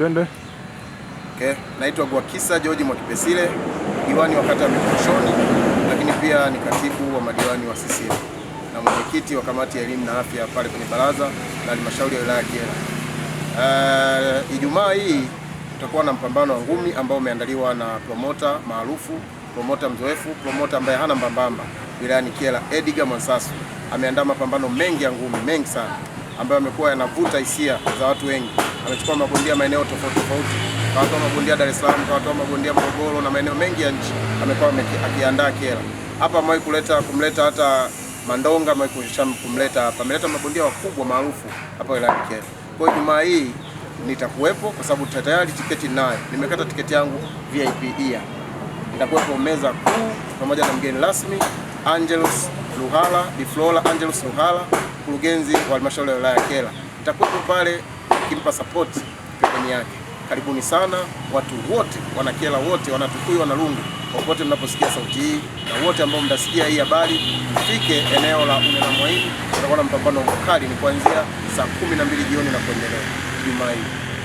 Twende. Okay. Naitwa Gwakisa George Mwakipesile, diwani wa kata ya Mikoshoni, lakini pia ni katibu wa madiwani wa CCM na mwenyekiti wa kamati ya elimu na afya pale kwenye baraza la halmashauri ya wilaya ya Kyela. Uh, Ijumaa hii tutakuwa na mpambano wa ngumi ambao umeandaliwa na promota maarufu, promota mzoefu, promota ambaye hana mbambamba wilayani Kyela, Edgar Mwansasu ameandaa mapambano mengi ya ngumi mengi sana ambayo yamekuwa yanavuta hisia za watu wengi. Amechukua mabondia maeneo tofauti tofauti, kawatoa mabondia Dar es Salaam, kawatoa mabondia Morogoro na maeneo mengi ya nchi, amekuwa akiandaa kera hapa. Amewahi kuleta kumleta hata Mandonga, amekushia kumleta hapa, ameleta mabondia wakubwa maarufu hapa wilayani Kera. Kwa hiyo Jumaa hii nitakuwepo kwa sababu tayari tiketi ninayo, nimekata tiketi yangu VIP ear. Nitakuwepo meza kuu pamoja na mgeni rasmi Angelus Luhala, Biflora Angelus Luhala mkurugenzi wa halmashauri ya wilaya ya Kyela. Nitakuwepo pale kimpa support pembeni yake. Karibuni sana watu wote, wana wote, wana Tukuyu, wana Lungu, popote mnaposikia sauti hii na wote ambao mtasikia hii habari, mfike eneo la Unenamwaini. Tutakuwa na mpambano mkali, ni kuanzia saa kumi na mbili jioni na kuendelea Jumaa hii.